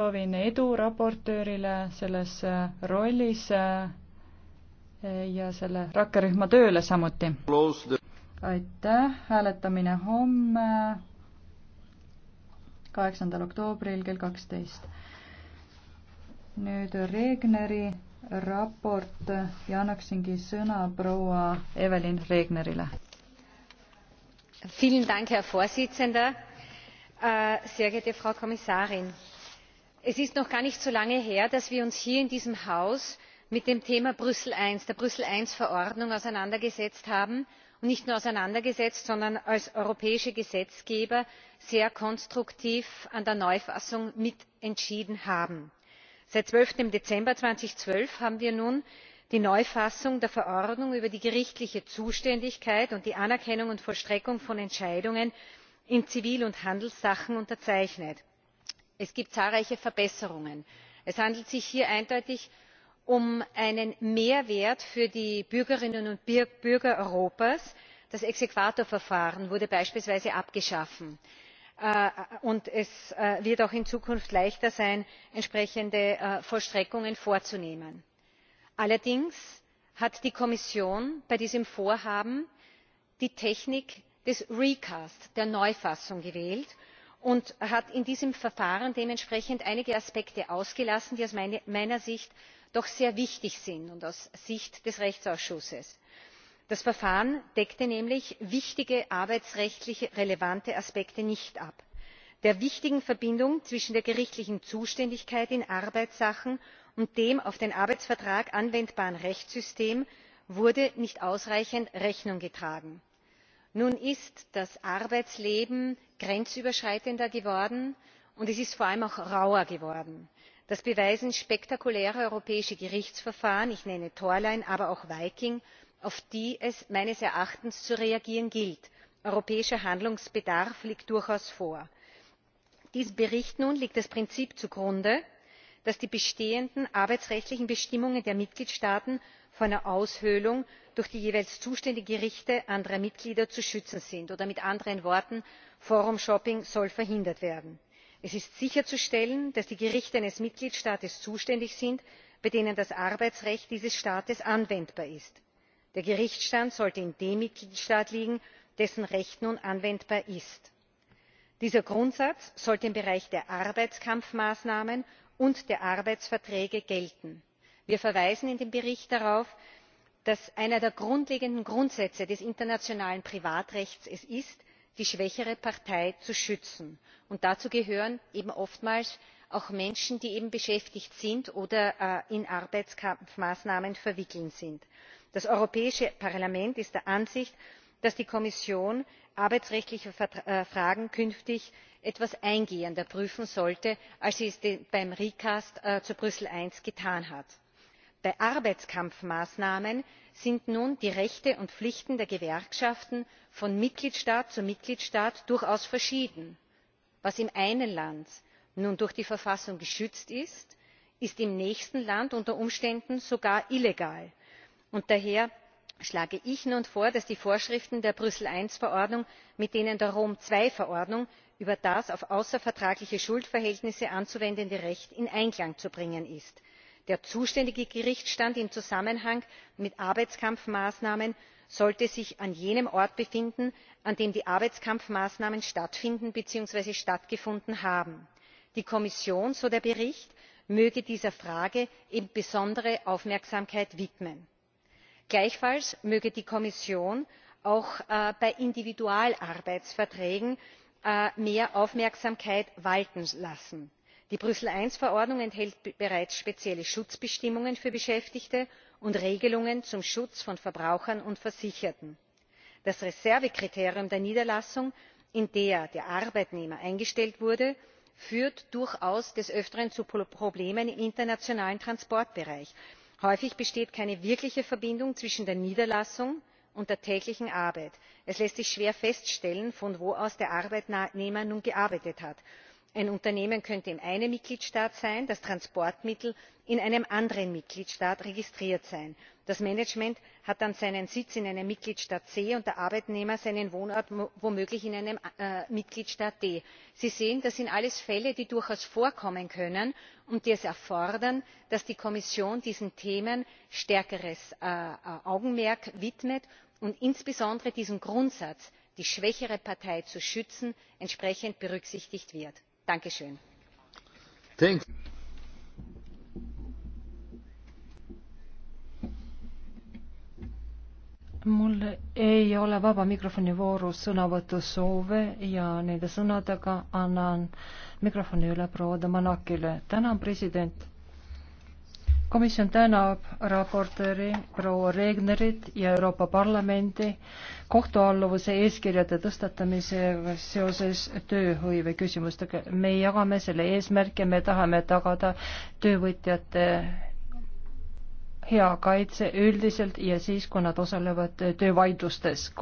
soovin edu raportöörile selles äh, rollis äh, ja selle rakkerühma tööle samuti. aitäh, hääletamine homme, kaheksandal oktoobril kell kaksteist. nüüd Regneri raport ja annaksingi sõna proua Evelin Regnerile. Vielen Dank, Herr Vorsitzender, äh, sehr geehrte Frau Kommissarin es ist noch gar nicht so lange her dass wir uns hier in diesem haus mit dem thema brüssel i der brüssel i verordnung auseinandergesetzt haben und nicht nur auseinandergesetzt sondern als europäische gesetzgeber sehr konstruktiv an der neufassung mitentschieden haben. seit. zwölf dezember zweitausendzwölf haben wir nun die neufassung der verordnung über die gerichtliche zuständigkeit und die anerkennung und vollstreckung von entscheidungen in zivil und handelssachen unterzeichnet es gibt zahlreiche verbesserungen. es handelt sich hier eindeutig um einen mehrwert für die bürgerinnen und bürger europas. das exequaturverfahren wurde beispielsweise abgeschafft äh, und es äh, wird auch in zukunft leichter sein entsprechende äh, vollstreckungen vorzunehmen. allerdings hat die kommission bei diesem vorhaben die technik des recast der neufassung gewählt und hat in diesem verfahren dementsprechend einige aspekte ausgelassen die aus meiner sicht doch sehr wichtig sind und aus sicht des rechtsausschusses. das verfahren deckte nämlich wichtige arbeitsrechtlich relevante aspekte nicht ab der wichtigen verbindung zwischen der gerichtlichen zuständigkeit in arbeitssachen und dem auf den arbeitsvertrag anwendbaren rechtssystem wurde nicht ausreichend rechnung getragen. nun ist das arbeitsleben grenzüberschreitender geworden und es ist vor allem auch rauer geworden. das beweisen spektakuläre europäische gerichtsverfahren ich nenne torline aber auch viking auf die es meines erachtens zu reagieren gilt. europäischer handlungsbedarf liegt durchaus vor. diesem bericht nun liegt das prinzip zugrunde dass die bestehenden arbeitsrechtlichen bestimmungen der mitgliedstaaten vor einer aushöhlung durch die jeweils zuständigen gerichte anderer mitglieder zu schützen sind oder mit anderen worten forum shopping soll verhindert werden. es ist sicherzustellen dass die gerichte eines mitgliedstaates zuständig sind bei denen das arbeitsrecht dieses staates anwendbar ist. der gerichtsstand sollte in dem mitgliedstaat liegen dessen recht nun anwendbar ist. dieser grundsatz sollte im bereich der arbeitskampfmaßnahmen und der arbeitsverträge gelten wir verweisen in dem bericht darauf dass einer der grundlegenden grundsätze des internationalen privatrechts es ist die schwächere partei zu schützen und dazu gehören eben oftmals auch menschen die beschäftigt sind oder äh, in arbeitskampfmaßnahmen verwickelt sind. das europäische parlament ist der ansicht dass die kommission arbeitsrechtliche äh, fragen künftig etwas eingehender prüfen sollte als sie es beim recast äh, zu brüssel i getan hat bei arbeitskampfmaßnahmen sind nun die rechte und pflichten der gewerkschaften von mitgliedstaat zu mitgliedstaat durchaus verschieden. was im einen land nun durch die verfassung geschützt ist ist im nächsten land unter umständen sogar illegal. daher schlage ich nun vor dass die vorschriften der brüssel i verordnung mit denen der rom ii verordnung über das auf außervertragliche schuldverhältnisse anzuwendende recht in einklang zu bringen sind der zuständige gerichtsstand im zusammenhang mit arbeitskampfmaßnahmen sollte sich an jenem ort befinden an dem die arbeitskampfmaßnahmen stattfinden bzw. stattgefunden haben. die kommission so der bericht möge dieser frage eben besondere aufmerksamkeit widmen. gleichfalls möge die kommission auch äh, bei individualarbeitsverträgen äh, mehr aufmerksamkeit walten lassen die brüssel i verordnung enthält bereits spezielle schutzbestimmungen für beschäftigte und regelungen zum schutz von verbrauchern und versicherten. das reservekriterium der niederlassung in der der arbeitnehmer eingestellt wurde führt durchaus des öfteren zu problemen im internationalen transportbereich häufig besteht keine wirkliche verbindung zwischen der niederlassung und der täglichen arbeit es lässt sich schwer feststellen von wo aus der arbeitnehmer nun gearbeitet hat ein unternehmen könnte in einem mitgliedstaat sein das transportmittel in einem anderen mitgliedstaat registriert sein das management hat dann seinen sitz in einem mitgliedstaat c und der arbeitnehmer seinen wohnort womöglich in einem äh, mitgliedstaat d. sie sehen das sind alles fälle die durchaus vorkommen können und die es erfordern dass die kommission diesen themen stärkeres äh, äh, augenmerk widmet und insbesondere dieser grundsatz die schwächere partei zu schützen entsprechend berücksichtigt wird mul ei ole vaba mikrofoni voorus sõnavõtusoove ja nende sõnadega annan mikrofoni üle proua Damanakile. tänan, president komisjon tänab raportööri proua Regnerit ja Euroopa Parlamendi kohtualluvuse eeskirjade tõstatamisega seoses tööhõive küsimustega. me jagame selle eesmärke, me tahame tagada töövõtjate hea kaitse üldiselt ja siis, kui nad osalevad töövaidlustes.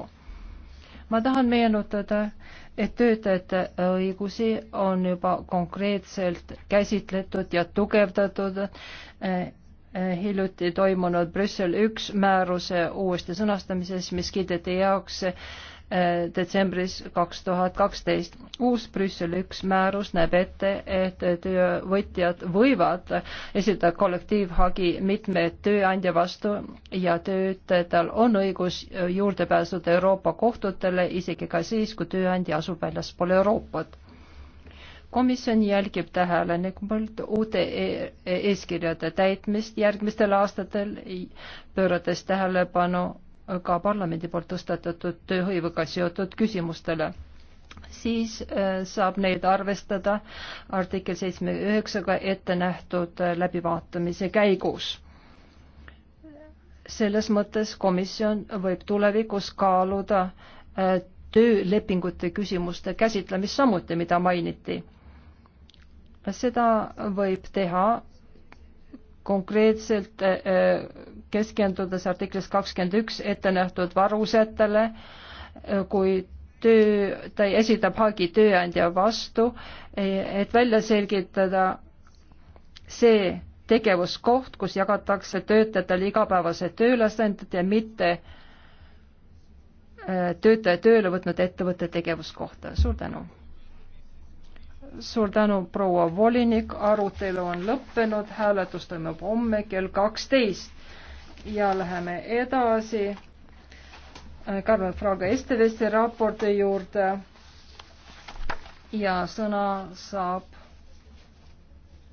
ma tahan meenutada, et töötajate õigusi on juba konkreetselt käsitletud ja tugevdatud Eh, hiljuti toimunud Brüssel üks määruse uuesti sõnastamises, mis kiideti heaks eh, detsembris kaks tuhat kaksteist. uus Brüssel üks määrus näeb ette, et töövõtjad võivad esitada kollektiivhagi mitme tööandja vastu ja töötajatel on õigus juurde pääseda Euroopa kohtutele isegi ka siis, kui tööandja asub väljaspool Euroopat komisjon jälgib tähelepanelikult uute e-, e-, eeskirjade täitmist järgmistel aastatel, pöörates tähelepanu ka parlamendi poolt tõstatatud tööhõivega seotud küsimustele siis äh, saab neid arvestada artikkel seitsme üheksaga ette nähtud äh, läbivaatamise käigus. selles mõttes komisjon võib tulevikus kaaluda äh, töölepingute küsimuste käsitlemist samuti, mida mainiti seda võib teha konkreetselt eh, eh, keskendudes artiklis kakskümmend üks ette nähtud varusetele, eh, kui töö, ta esitab hagi tööandja vastu, et välja selgitada see tegevuskoht, kus jagatakse töötajatele igapäevased tööülesanded ja mitte töötaja tööle võtnud ettevõtte tegevuskohta. suur tänu! suur tänu, proua volinik, arutelu on lõppenud, hääletus toimub homme kell kaksteist ja läheme edasi äh, Karmen Fraga Estevesse raporti juurde ja sõna saab